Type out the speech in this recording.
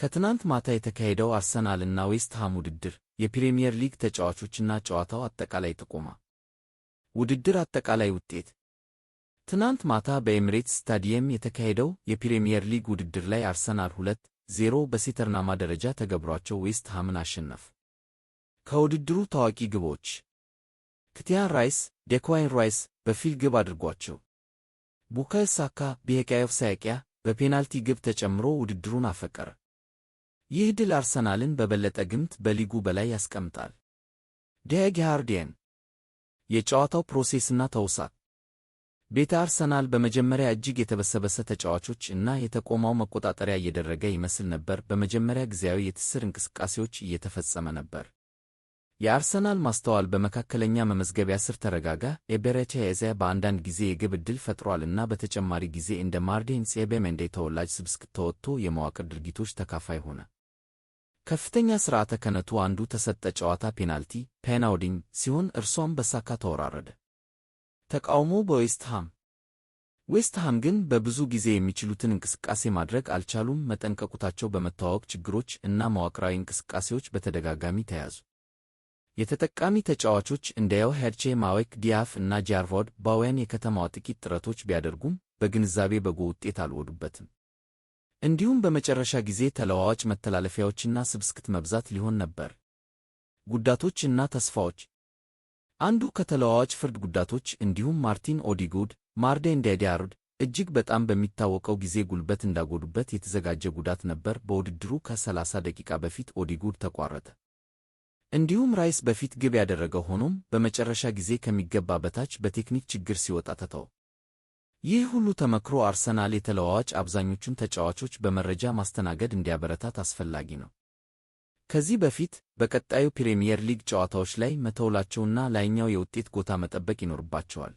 ከትናንት ማታ የተካሄደው አርሰናልና ዌስት ሃም ውድድር የፕሪምየር ሊግ ተጫዋቾችና ጨዋታው አጠቃላይ ጥቆማ። ውድድር አጠቃላይ ውጤት ትናንት ማታ በኤምሬትስ ስታዲየም የተካሄደው የፕሪምየር ሊግ ውድድር ላይ አርሰናል 2-0 በሴተርናማ ደረጃ ተገብሯቸው ዌስት ሃምን አሸነፍ። ከውድድሩ ታዋቂ ግቦች ክቲያን ራይስ፣ ዴኳይን ራይስ በፊል ግብ አድርጓቸው፣ ቡካዮ ሳካ ቢሄቃዮፍ ሳያቅያ በፔናልቲ ግብ ተጨምሮ ውድድሩን አፈቀረ። ይህ ድል አርሰናልን በበለጠ ግምት በሊጉ በላይ ያስቀምጣል። ዴር ጋርዲየን የጨዋታው ፕሮሴስና ተውሳክ ቤተ አርሰናል በመጀመሪያ እጅግ የተበሰበሰ ተጫዋቾች እና የተቆማው መቆጣጠሪያ እየደረገ ይመስል ነበር። በመጀመሪያ ጊዜያዊ የትስር እንቅስቃሴዎች እየተፈጸመ ነበር። የአርሰናል ማስተዋል በመካከለኛ መመዝገቢያ ስር ተረጋጋ። ኤቤሬቺ ኤዜ በአንዳንድ ጊዜ የግብ ዕድል እና በተጨማሪ ጊዜ እንደ ማርቲን ዙቢሜንዲ ተወላጅ ስብስክ ተወጥቶ የመዋቅር ድርጊቶች ተካፋይ ሆነ። ከፍተኛ ሥርዓተ ከነቱ አንዱ ተሰጠ። ጨዋታ ፔናልቲ ፔናውዲን ሲሆን እርሷም በሳካ ተወራረደ። ተቃውሞ በዌስትሃም ዌስትሃም ግን በብዙ ጊዜ የሚችሉትን እንቅስቃሴ ማድረግ አልቻሉም። መጠንቀቁታቸው በመተዋወቅ ችግሮች እና መዋቅራዊ እንቅስቃሴዎች በተደጋጋሚ ተያዙ። የተጠቃሚ ተጫዋቾች እንደ የውሄርቼ ማዌክ ዲያፍ እና ጃርቮድ ባዌን የከተማዋ ጥቂት ጥረቶች ቢያደርጉም በግንዛቤ በጎ ውጤት አልወዱበትም። እንዲሁም በመጨረሻ ጊዜ ተለዋዋጭ መተላለፊያዎችና ስብስክት መብዛት ሊሆን ነበር። ጉዳቶችና ተስፋዎች አንዱ ከተለዋዋጭ ፍርድ ጉዳቶች እንዲሁም ማርቲን ኦዲጉድ ማርዴ እንዳይዳሩድ እጅግ በጣም በሚታወቀው ጊዜ ጉልበት እንዳጎዱበት የተዘጋጀ ጉዳት ነበር። በውድድሩ ከ30 ደቂቃ በፊት ኦዲጉድ ተቋረጠ። እንዲሁም ራይስ በፊት ግብ ያደረገው ሆኖም በመጨረሻ ጊዜ ከሚገባ በታች በቴክኒክ ችግር ሲወጣ ተተው። ይህ ሁሉ ተመክሮ አርሰናል የተለዋዋጭ አብዛኞቹን ተጫዋቾች በመረጃ ማስተናገድ እንዲያበረታት አስፈላጊ ነው። ከዚህ በፊት በቀጣዩ ፕሪምየር ሊግ ጨዋታዎች ላይ መተውላቸውና ላይኛው የውጤት ጎታ መጠበቅ ይኖርባቸዋል።